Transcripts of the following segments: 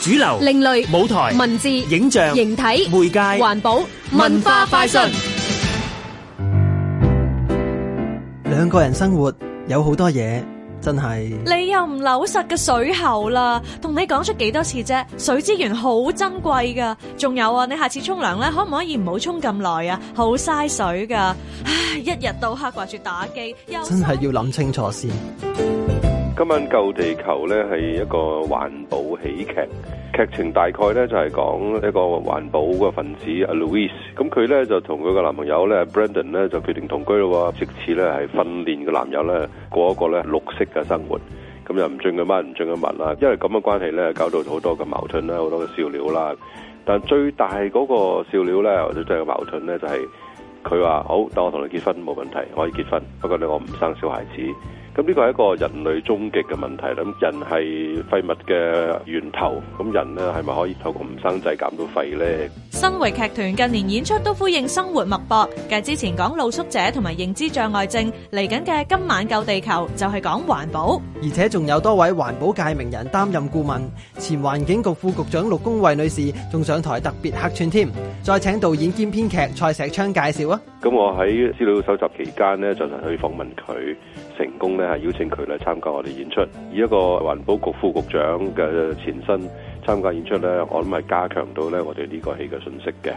主流、另類、舞台、文字、影像、形體、媒介、環保、文化快訊。兩個人生活有好多嘢，真係。你又唔扭實嘅水喉啦，同你講出幾多次啫？水資源好珍貴噶，仲有啊，你下次沖涼咧，可唔可以唔好沖咁耐啊？好嘥水噶。唉，一日到黑掛住打機，真係要諗清楚先。今晚《救地球》咧係一個環保喜劇，劇情大概咧就係講一個環保嘅分子阿 Louis，咁佢咧就同佢個男朋友咧 Brandon 咧就決定同居咯，直至咧係訓練個男友咧過一個咧綠色嘅生活，咁又唔進佢乜，唔進佢物啦，因為咁嘅關係咧搞到好多嘅矛盾啦，好多嘅笑料啦，但最大嗰個笑料咧或者真係矛盾咧就係佢話，好，等我同你結婚冇問題，可以結婚，不過你我唔生小孩子。咁呢個係一個人類終極嘅問題啦。咁人係廢物嘅源頭，咁人咧係咪可以透過唔生仔減到廢咧？新域劇團近年演出都呼應生活脈搏，繼之前講露宿者同埋認知障礙症，嚟緊嘅今晚救地球就係講環保，而且仲有多位環保界名人擔任顧問，前環境局副局長陸恭蕙女士仲上台特別客串添。再請導演兼編劇蔡石昌介紹啊。咁我喺資料蒐集期間咧，進行去訪問佢成功咧。係邀請佢嚟參加我哋演出，以一個環保局副局長嘅前身參加演出咧，我諗係加強到咧我哋呢個戲嘅信息嘅。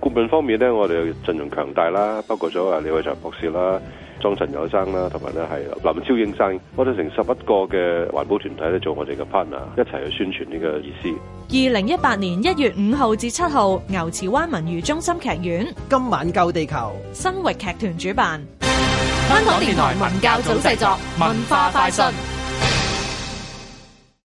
顧問方面咧，我哋陣容強大啦，包括咗啊李偉才博士啦、莊陳有生啦，同埋咧係林超英生，我哋成十一個嘅環保團體咧做我哋嘅 partner，一齊去宣傳呢個意思。二零一八年一月五號至七號，牛池灣文娛中心劇院，今晚救地球，新域劇團主辦。香港電台文教組製作，文化快訊。